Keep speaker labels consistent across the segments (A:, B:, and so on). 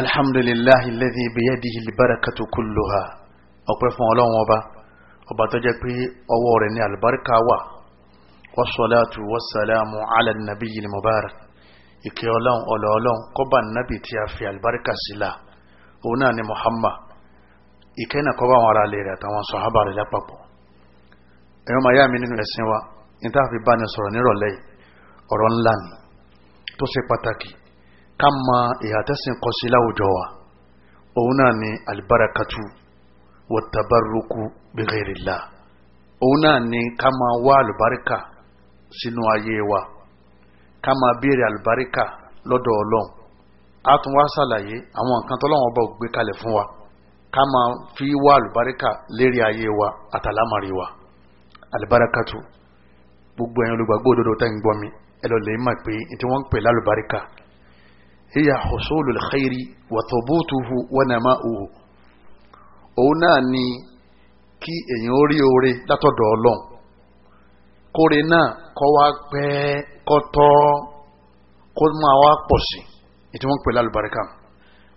A: alhamdulillahi alladhi biyadihi albarakatu kulluha ọpẹ́ fún ọlọ́run ọba ọba tó jẹ́ pé ọwọ́ rẹ̀ ní albarka wà wassalatu wassalamu ala nabiyyi mubarak ìkẹ́ ọlọ́run ọlọ́ọ̀lọ́run kọ́bà nábì tí a fi albarka sílá òun náà ni muhammad ìkẹ́ náà kọ́bà wọn ara lè rẹ̀ àtàwọn sọ̀hábà rẹ̀ lápapọ̀ ẹ̀rọ màá yá mi nínú ẹ̀sìn wa ní táàfi bá ní sọ̀rọ̀ nírọ̀lẹ́ ọ̀rọ̀ ńlá ni tó ṣe pàtàkì Kama mọ ìhà tẹ́sìn kọ láwùjọ wa òun náà ni albarakatu, wọtabaruku bẹ̀rẹ̀rìlá òun náà ni kama máa wá àlùbáríkà sínú ayé wa kama máa albarika àlùbáríkà lọ́dọ̀ ọlọ́run a tún wá ṣàlàyé àwọn nǹkan tọ́lọ́wọ́n bá gbé kalẹ̀ fún wa ká máa fi wá àlùbáríkà lérí ayé wa àtàlámàrí wa àlùbáríkàtù gbogbo ẹ̀yin olùgbàgbọ́ òdodo tẹ́ ń gbọ́ mi ẹ lọ lè mọ̀ pé tí wọ́n ń pè lálùbáríkà هي حصول الخير وثبوته ونماؤه òun náà ni kí èèyàn ó rí oore látọ̀dọ̀ ọlọ́run kóore náà kọ́ wá pẹ́ kọ́ tọ́ kó máa wá pọ̀ sí i tí wọ́n ń pè lálùbáríkà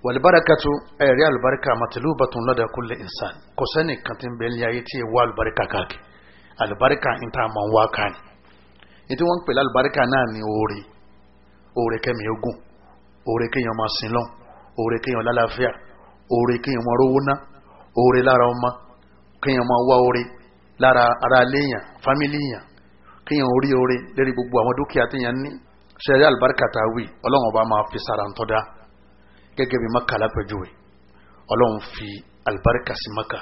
A: wàlùbáríkàtú ẹ̀rí àlùbáríkà matlubatun lada kulli insan kò sẹ́ni kan tí ń bẹ ní ayé tí ì wá àlùbáríkà káàkiri àlùbáríkà ń tà máa ń wá káàní ní tí wọ́n ń pè lálùbáríkà náà ni oore oore kẹ́mi ogun oore kéèyàn máa sin lọ́n oore kéèyàn lálàáfíà oore kéèyàn máa rówó ná oore lára ọmọ kéèyàn máa wá oore lára ara léèyàn fámìlì yàn kéèyàn orí oore lérí gbogbo àwọn dúkìá téèyàn ní sẹ́rí àlùbáríkà tá a wí ọlọ́run ọba máa fi sára ń tọ́da gẹ́gẹ́ bí maka lápẹjúwe ọlọ́run fi àlùbáríkà sí maka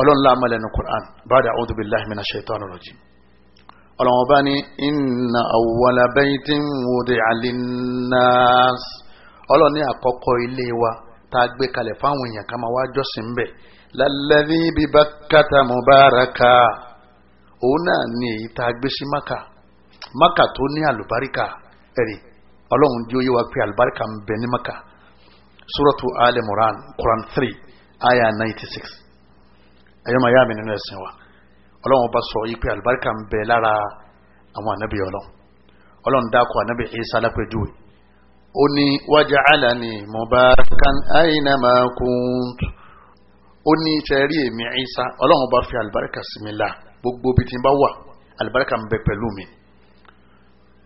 A: ọlọ́run láàmú lẹ́nu Qur'an báyìí a'udhu billahi minash shaitani rajim ọlọ́wọ́n bá ní inna awwala baytin wudi'a linnas ọlọ́run ní àkọ́kọ́ ilé wa tá a gbé kalẹ̀ fáwọn èèyàn ká máa wá jọ́sìn ń bẹ̀ lalladhi bi Bakkata mubaraka òun náà ní èyí tá a gbé sí maka maka tó ní àlùbáríkà ẹ̀rì ọlọ́run jí ó yé wa pé àlùbáríkà ń bẹ ní maka suratu Ali Imran Quran three aya ninety six ẹ̀yọ́ màá yá mi nínú ẹ̀sìn wa ọlọ́run bá sọ ipe àlùbáríkà ń bẹ lára àwọn ànábì ọlọ́run ọlọ́run dákọ̀ ànábì Ìsá lápẹjúwe ó ní waja'alani mubarakan aina ma kuntu ó ní sẹ́rí èmi Ìsá ọlọ́run bá fi àlùbáríkà sí mi la gbogbo bí ti bá wà àlùbáríkà ń bẹ pẹ̀lú mi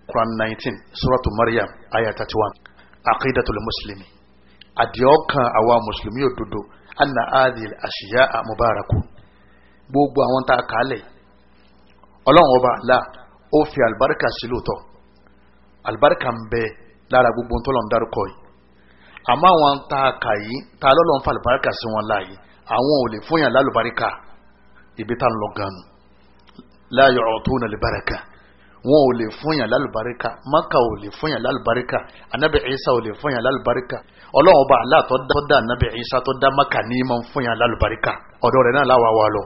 A: Quran 19 suratu Maryam ayah 31 aqidatul muslimi àdìọ́kàn àwa mùsùlùmí òdodo anna adil ashiya mubarakun gbogbo àwọn tá a kà á lẹ̀ ọlọ́run ọba àlá ó fi àlùbáríkà sí lóòótọ́ àlùbáríkà ń bẹ lára gbogbo tó lọ́n dárúkọ yìí àmọ́ àwọn tá a kà yìí tá a lọ́lọ́run fa àlùbáríkà sí wọn láàyè àwọn ò lè fún yàn lálùbáríkà ibi tá a lọ gan nù láàyò ọ̀tún nà lè bárakà wọn ò lè fún yàn lálùbáríkà maka ò lè fún yàn lálùbáríkà anabi isa ò lè fún yàn lálùbáríkà ọlọ́run ọba àlá tó dá anabi isa tó dá maka ní ma fún yàn lálùbáríkà ọ̀dọ̀ rẹ̀ náà láwa wa lọ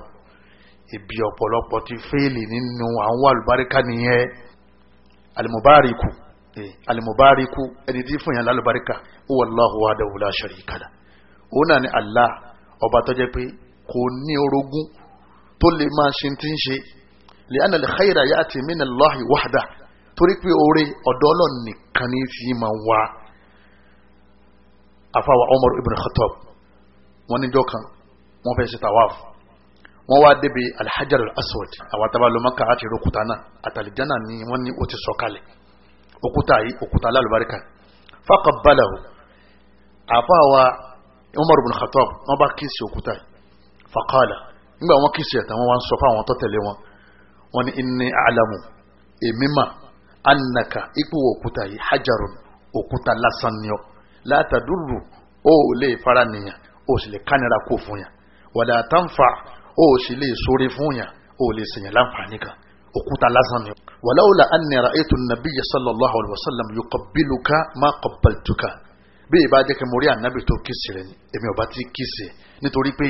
A: ibi ọ̀pọ̀lọpọ̀ ti fẹ́ẹ̀lì nínú àwọn alùbáríkà nìyẹn alimobariku, eh, alimobariku, ẹni tí fún yàn lálùbáríkà wallahu wahdahu la sharika lah òun náà ni Allah ọba tó jẹ́ pé kò ní orogún tó lè máa ṣe ti ń ṣe li anna al-khayra ya'ti min Allahi wahdahu torí pé oore ọ̀dọ̀ Ọlọ́run nìkan ní ti máa wá àfàwà Umar ibn Khattab wọ́n níjọ́ kan wọ́n fẹ́ ṣe tàwáfù wọ́n wá débi alhajar aswad àwọn tábàlú maka àti òkúta náà àtàlìjánà ni wọ́n ní ó ti sọ kalẹ̀ òkúta yìí òkúta alálùbáríkà faqabbalahu àbá wa umar bin khattab wọ́n bá kíìsì òkúta faqala nígbà wọ́n kíìsì ẹ̀tà wọ́n wá ń sọ fáwọn tó tẹ̀lé wọn wọ́n ní a'lamu èmi mà ipò òkúta yìí hajarun òkúta lásán ni ọ la lè fara nìyàn ó sì lè kánira kó fún yàn wala tanfa o ò sì lè sóre fún yàn o ò lè sèyàn láǹfààní kan òkúta lásán ni. wàláwùlà anni ra'aytu nabiyya sallallahu alayhi wa sallam yuqabbiluka ma qabbaltuka bí ìbá jẹ́ kí mo rí ànábì tó kìsì rẹ̀ ni èmi ọba ti kìsì nítorí pé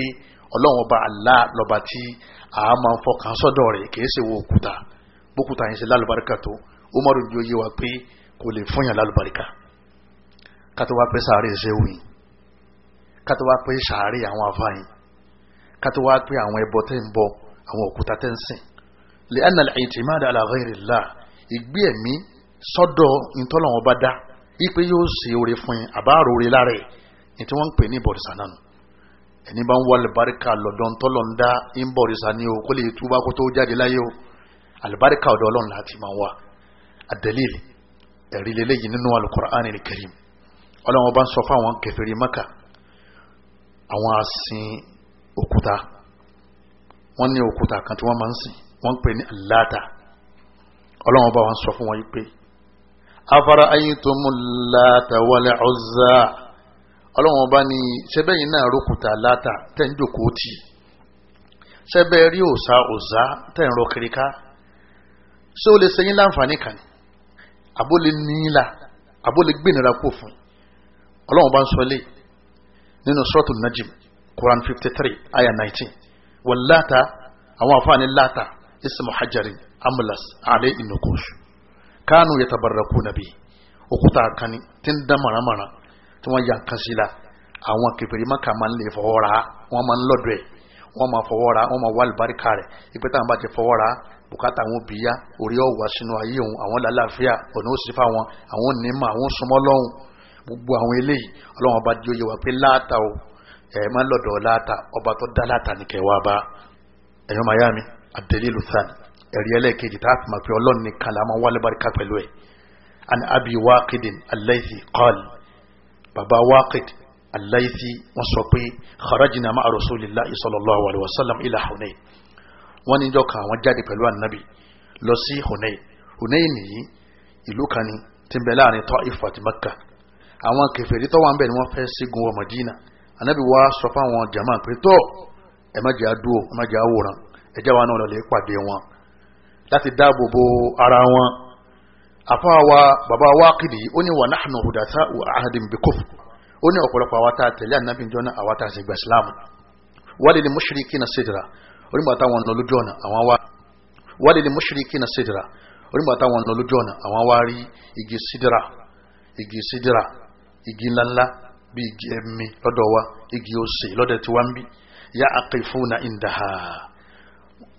A: ọlọ́run ọba Allah lọ́ba tí a máa ń fọkàn sọ́dọ̀ rẹ̀ kìí ṣe wo òkúta bókúta yẹn ṣe lálùbáríkà tó Umaru ju oyé wa pé kò lè fún yàn lálùbáríkà kátó wá pé sàárè ṣe wù yín kátó wá pé sàárè àwọn afáyín kátó wá pé àwọn ẹbọ tẹ́ ń bọ àwọn òkúta tẹ́ ń sìn lè ẹnà ìtìmáàdà ala ghairillah ìgbé ẹ̀mí sọ́dọ̀ ntọ́lọ́wọ́n bá dá wípé yóò ṣe oore fún yín àbáàrò oore lára ẹ̀ ní tí wọ́n ń pè ní ìbọ̀rìṣà náà nù ẹni bá ń wá àlùbáríkà lọ́dọ̀ ntọ́lọ́ ń dá ìbọ̀rìṣà ni o kó lè túbá kó tó jáde láyé o àlùbáríkà ọ̀dọ̀ ọlọ́run láti máa wá àdẹ́lẹ́lẹ́ ẹ̀rí lélẹ́yìn nínú alukur'an al ọlọ́run ọba ń sọ fún àwọn kèfèrí maka àwọn asin òkúta wọ́n ní òkúta kan tí wọ́n máa ń sìn wọ́n ń pè ní aláta ọlọ́run bá wọn sọ fún wọn yìí pé afara aytumul láta wal uzza ọlọ́run bá ní sẹ́bẹ̀yìn náà rókúta láta tẹ̀ ń jòkóó tì sẹ́bẹ̀ rí òòṣà òòṣà tẹ̀ ń rọ kiri ká ṣé o lè ṣe yín láǹfààní kan àbó lè níyìnlá àbó lè gbìnira kó fún ọlọ́run bá ń sọ lé nínú sọ́ọ̀tù najim Quran 53, three ayah nineteen wàláta àwọn àfààní láta ismu hajari amulas alẹ́ inukosh kánú yatabarraku nàbí òkúta kani tí ń dán mọ̀nàmọ̀nà tí wọ́n yàn kan sí la àwọn kẹfìrí maka máa ń lè fọwọ́ ra wọ́n máa ń lọ́dọ̀ ẹ̀ wọ́n máa fọwọ́ ra wọ́n máa wá àlùbáríkà rẹ̀ ìpè táwọn bá ti fọwọ́ ra bùkátà àwọn òbí yá orí ọ̀wà sínú ayé òun àwọn làlàáfíà ọ̀nà ó sì àwọn onímọ̀ àwọn súnmọ́ lọ́hùn gbogbo àwọn eléyìí ọlọ́wọ́n bá di oyè wà pé láàtà o ẹ má lọ́dọ̀ láta ọba tó dá láta ní kẹwàá bá ẹ̀yọ́ miami abdelilu san ẹ̀rí ẹlẹ́ẹ̀kejì tá a fi máa pe ọlọ́run ní kan láàmú wálé barika pẹ̀lú ẹ̀ an abi waqidin alaysi qal baba waqid alaysi wọ́n sọ pé kharajna ma'a rasulillahi sallallahu alayhi wa ila hunayn wọ́n níjọ́ kan àwọn jáde pẹ̀lú anabi lọ sí hunayn hunayn nìyí ìlú kan ní tìǹbẹ̀ láàrin Ta'if àti àwọn kèfèrí tó wà ń ni wọ́n fẹ́ ṣígun wọ Madina anabi wa sọ fáwọn jama pé tọ́ ẹ má jẹ́ àdúró ẹ má jẹ́ àwòrán ẹ wa náà lọ pàdé wọn láti dáàbò bo ara wọn afáwa baba wákìdì ó ní wa nahnu hudasa wa ahadin bikuf ó ní ọ̀pọ̀lọpọ̀ àwa tá a tẹ̀lé anabi jọ náà àwa tá a sì gba islam wálé ni mushrikina sidra onígbà táwọn lọ lójú ọ̀nà àwọn wá wálé ni mushrikina sidra onígbà táwọn lọ lójú ọ̀nà àwọn wá rí igi sidra igi sidra igi ńláńlá Bi igi ẹ̀mí lọ́dọ̀ wa igi òsè lọ́dọ̀ tí wọ́n ń bí ya aqifuna indaha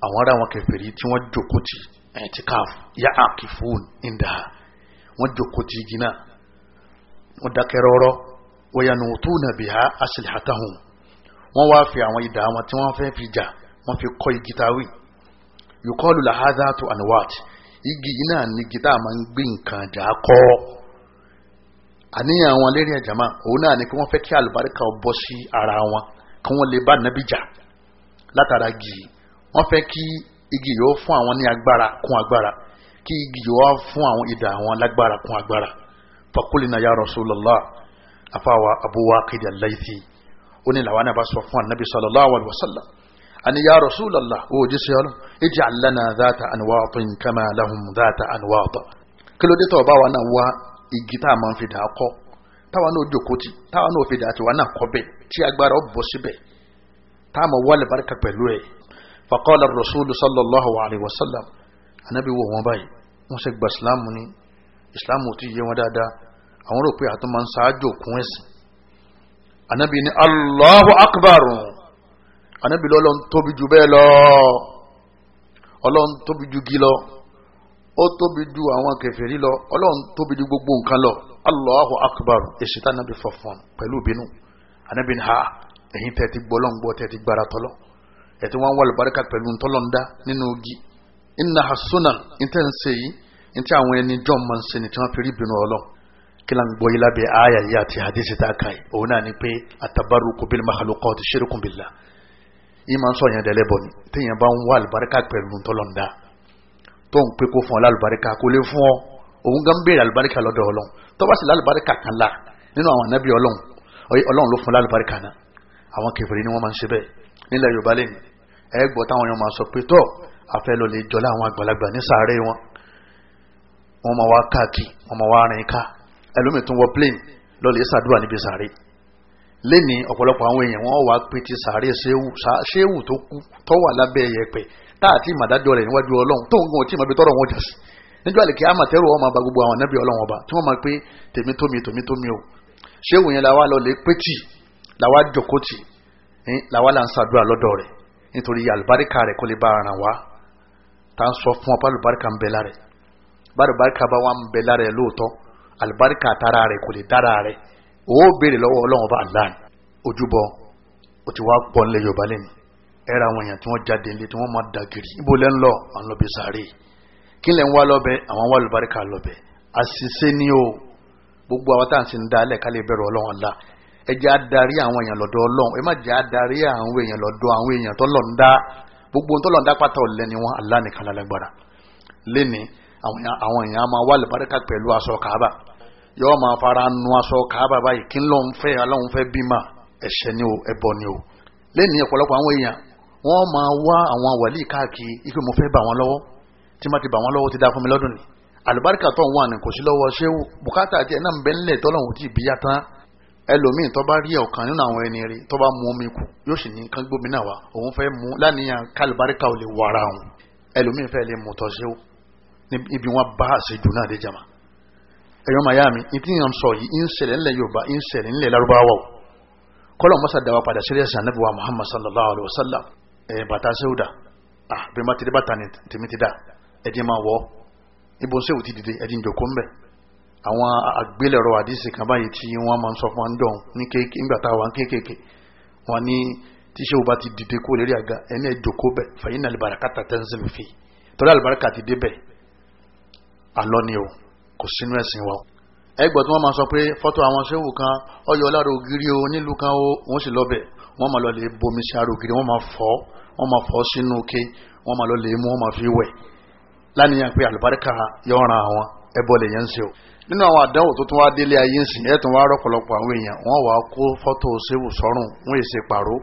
A: àwọn ará wọn kèfèrí tí wọ́n jókòó ti ẹ̀ ti káàfù ya aqifuna indaha wọ́n jókòó ti igi náà wọ́n dákẹ́ rọ́rọ́ wa yanutuna biha aslihatahum wọ́n wá fi àwọn idà wọn tí wọ́n fẹ́ fi jà wọ́n fi kọ́ igi táwì yuqalu lahadhatu anwat igi náà ni igi tá a máa ń gbé nǹkan jà kọ́ àníyàn wọn lérí ẹ̀jẹ̀ máa òun náà ni kí wọ́n fẹ́ kí àlùbáríkà bọ́ sí ara wọn kí wọ́n lè bá nàbí jà látara gì wọ́n fẹ́ kí igi yóò fún àwọn ní agbára kún agbára kí igi yóò wá fún àwọn idà àwọn lágbára kún agbára fakulina ya rasulallah afawa abu waqid al-laythi ó ní làwọn àbá sọ fún anabi sallallahu alaihi wasallam ani ya rasulallah ó jí ọlọ ij'al lana dhata anwaatin kama lahum dhata anwaat kí ló dé tó bá wa náà wá igi tá a máa fi dà á kọ́ táwa náà jòkó tì táwa náà fi dà á tiwa náà kọ́ bẹ́ẹ̀ tí agbára ó bọ̀ síbẹ̀ tá a máa wá àlùbáríkà pẹ̀lú ẹ̀ rasulu sallallahu alayhi wa sallam anabi wo wọn báyìí wọn sì gba ìsìláàmù ni ìsìláàmù ti yé wọn dáadáa àwọn rò pé àtún máa ń ṣáájú òkun ẹ̀sìn anabi ni allahu akbar anabi lọ́lọ́ ń tóbi jù bẹ́ẹ̀ lọ ọlọ́run tóbi jù gí lọ ó tóbi ju àwọn kèfèrí lọ ọlọ́run tóbi ju gbogbo nǹkan lọ allahu akbar èsì tá nàbí fọfọn pẹ̀lú ìbínú anabi ha ẹ̀yin tẹ́ ti gbọ́ lọ́ngbọ́ tẹ́ ti gbára tọ́lọ́ ẹ̀ tí wọ́n wà lùbáríkà pẹ̀lú ntọ́lọ́ndá nínú ogi iná hasuna ntẹ́ ń ṣe yìí ntẹ́ àwọn ẹni jọ́n máa ń ṣe ni tí wọ́n fi rí ìbínú ọlọ́ kí la ń gbọ́ yìí lábẹ́ àyà yìí àti hadisi tá ni pé atabaruku bil makhluqat shirkun tó ń pe kó fún ọ lálùbáríkà kó lè fún ọ òun gan béèrè àlùbáríkà lọ́dọ̀ ọlọ́run tó bá sì lálùbáríkà kan la nínú àwọn ànábì ọlọ́run ọlọ́run ló fún lálùbáríkà náà àwọn kèfèrí ni wọ́n máa ń ṣe bẹ́ẹ̀ nílẹ̀ yorùbá lẹ́nu ẹ gbọ́ táwọn èèyàn máa sọ pé tọ́ afẹ́ lọ lè jọlá àwọn àgbàlagbà ní sàárè wọn wọ́n máa wá káàkiri wọ́n máa wá rìn ká ẹlòmíì tún wọ plane lọ lè ṣàdúrà níbi sàárè lẹ́ni ọ̀pọ̀lọpọ̀ àwọn èèyàn wọ́n wá pé ti sàárè ṣéwù tó kú tó wà lábẹ́ yẹ̀pẹ̀ táàtì màdájọ́ rẹ̀ níwájú ọlọ́run tó ń gan ọtí màbí tọ́rọ̀ wọn jà sí níjọ́ àlèkè àmàtẹ́rù wọn máa ba gbogbo àwọn anábì ọlọ́run ọba tí wọ́n máa pé tèmi tómi tèmi tómi o ṣéwù yẹn làwa lọ lè pé tì làwa jòkó tì làwa là ń ṣàdúrà lọ́dọ̀ rẹ̀ nítorí àlùbáríkà rẹ̀ kò lè bá ara wa tá a owó béèrè lọ́wọ́ ọlọ́run bá Allah ojúbọ ó ti wá pọ̀ nílẹ̀ yorùbá lẹ́nu ẹ̀rọ àwọn èèyàn tí wọ́n jáde nílé tí wọ́n máa da kiri ibo lẹ́ ń lọ àwọn lọ́bẹ̀ sáré kí lẹ́ ń wá lọ́bẹ̀ àwọn wá lùbáríkà lọ́bẹ̀ àṣìṣe ni o gbogbo àwọn táà ń sin da alẹ́ kálí ìbẹ̀rù ọlọ́run Allah ẹ jẹ́ adarí àwọn èèyàn lọ́dọ̀ ọlọ́run ẹ má jẹ́ adarí àwọn èèyàn lọ́dọ̀ àwọn èèyàn tọ́lọ̀ ń dá gbogbo tọ́lọ̀ ń dá pátá ọ̀lẹ́ ni wọ́n Allah nìkan lálágbára lẹ́ni àwọn èèyàn máa wá lùbáríkà pẹ̀lú aṣọ kàábà yọọ máa fara nu aṣọ káábà báyìí kí n lọ ń fẹ́ aláwọn fẹ́ bímọ ẹ̀ṣẹ̀ ni o ẹbọ ni o lẹ́nu ọ̀pọ̀lọpọ̀ àwọn èèyàn wọ́n máa wá àwọn wàlíì káàkiri ikú mo fẹ́ bà wọ́n lọ́wọ́ tí má ti bà wọ́n lọ́wọ́ ti dá fún mi lọ́dún ni àlùbáríkà tó ń wà ní kò sí lọ́wọ́ ṣéwù bùkátà díẹ̀ náà ń bẹ ńlẹ̀ tọ́lọ́hún tí ìbíyá tán ẹlòmíì tó bá rí ọ̀kan nínú àwọn ẹni rí tó bá mu omi kù yóò sì ní kán gbómi náà wá òun fẹ́ mu láníyàn kálùbáríkà ò lè wọ òun ẹlòmíì fẹ́ lè mú tọ́ ṣéwù níbi wọn bá àṣejù náà dé jàmá ẹ̀yọ́ miami ìtí yàn sọ yìí ń ṣẹlẹ̀ ńlẹ̀ yorùbá ń ṣẹlẹ̀ ńlẹ̀ larubawa o kọ́lọ̀ mọ́sá dáwà padà sí ẹ̀sìn anábì wa muhammad sallallahu alayhi wa sallam ẹ̀ bàtà sẹ́wùdà ah bí ma ti dé bàtà ni tèmi ti dà ẹ̀dín máa wọ̀ ibo sẹ́wù ti dìde ẹ̀dín jòkó ńbẹ àwọn àgbélẹ̀rọ àdìsí kan báyìí tí wọ́n máa ń sọ fún wa ń dọ̀ ní kéèké ńgbà táwa ń kéèké wọn ní tí sẹ́wù bá ti dìde kó lérí àga ẹni ẹ̀ jòkó bẹ̀ fàyín náà lè bàrà kàtà tẹ́ńsìlì fi tọ́lá àlùbáríkà ti dé bẹ̀ alọ́ ni o kò sínú ẹ̀sìn wa ẹgbẹ́ tí wọ́n máa sọ pé fọ́tò àwọn ṣéwù kan ọyọ ọlára ògiri o nílùú kan o wọ́n sì lọ́bẹ̀ wọ́n máa lọ lè bomi sí ara ògiri wọ́n máa fọ́ wọ́n máa fọ́ sínú ké wọ́n máa lọ lè mú wọ́n máa fi wẹ̀ lánìyàn pé àlùbáríkà yọ̀ọ̀ràn àwọn ẹbọ lè yẹn ń ṣe o nínú àwọn àdánwò tó tún wá délé ayé ń sìn tún wá rọ̀pọ̀lọpọ̀ àwọn èèyàn wọ́n wàá kó fọ́tò ṣéwù sọ́rùn wọ́n èsè pàró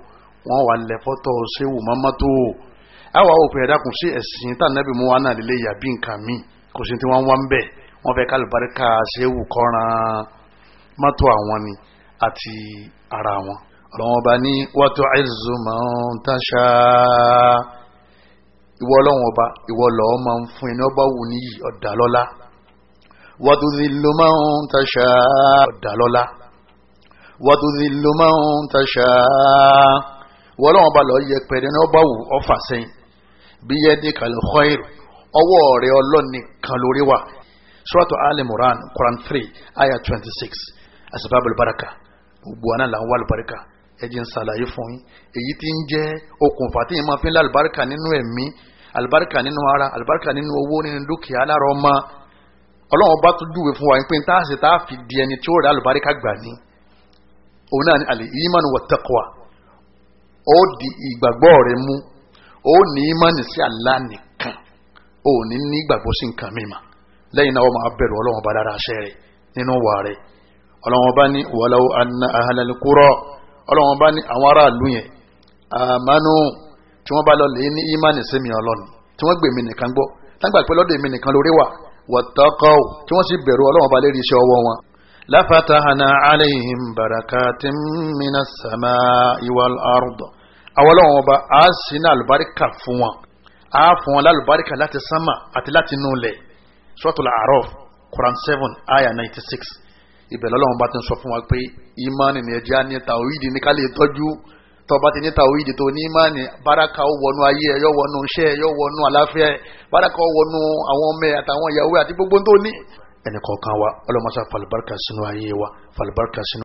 A: wọ́n wàá lẹ fọ́tò ṣéwù mọ́mọ́tò àwọn òpin ẹ̀dá kùn sí ẹ̀sìn tànàbí mú wa náà lélẹ́yà bí nǹkan míì kò sí tí wọ́n wá ń bẹ́ẹ̀ wọ́n fẹ́ kálùbáríkà ṣéwù kọ́ran mọ́tò àwọn ni àti ara wọn ọlọ́wọ́n bá ní wàtò àìzùmọ̀ tàṣà ìwọ ọlọ́wọ́n ọba ìwọ lọ́ọ́ máa ń fún ẹni ọba wù níyì ọ̀dà lọ́lá wàtò zìlùmọ̀ tàṣà ọ̀dà lọ́lá wàtò zìlùmọ̀ tàṣà ìwọ ọlọ́wọ́n ọba lọ́ọ́ yẹ pẹ̀lú ẹni ọba wù ọfà sẹ́yìn bí yẹ ní kàlùkọ́ ìrù ọwọ́ rẹ ọlọ́ọ̀nì kan lórí wà suratu alimuran quran three aya twenty six asibabul baraka gbogbo àná là ń wá àlùbáríkà ẹ jẹ́ ń ṣàlàyé fún yín èyí tí ń jẹ́ okùnfà tí yín máa fi ń lá àlùbáríkà nínú ẹ̀mí àlùbáríkà nínú ara àlùbáríkà nínú owó nínú dúkìá lára ọmọ ọlọ́run bá tún júwe fún wa pé tá a tá a fi di ẹni tí ó rà àlùbáríkà gbà ní òun náà ni àlè ìmánu wà taqwa ó di ìgbàgbọ́ rẹ mú ó ní ìmánu sí Allah nìkan ó ní ní ìgbàgbọ́ sí nǹkan mìíràn lẹ́yìn náà wọ́n máa bẹ̀rù ọlọ́wọ́n bá dára aṣẹ́ rẹ̀ nínú wà rẹ̀ ọlọ́wọ́n bá ní walaw anna ahlal qura ọlọ́wọ́n bá ní àwọn aráàlú yẹn àmánú tí wọ́n bá lọ lè ní ìmánì sẹ́mi ọlọ́ni tí wọ́n gbèmí nìkan gbọ́ tágbà pé lọ́dọ̀ èmi nìkan lórí wà wattaqaw tí wọ́n sì bẹ̀rù ọlọ́wọ́n bá lérí iṣẹ́ ọwọ́ wọn. lafatahna alayhim barakatin suratul araf quran seven ayah ninety six ibẹ̀ lọ́lọ́run bá ti ń sọ fún wa pé ìmánì ni ẹja ní tàwíìdì ní ká lè tọ́jú tọba ti ní tàwíìdì tó ní ìmánì baraka ó wọnú ayé ẹ yọ wọnú iṣẹ́ ẹ yọ wọnú àláfíà baraka ó wọnú àwọn ọmọ ẹ àtàwọn ìyàwó àti gbogbo tó ní. ẹnì kọ̀ọ̀kan wa ọlọ́mọṣà falibarika sínú ayé wa falibarika sínú.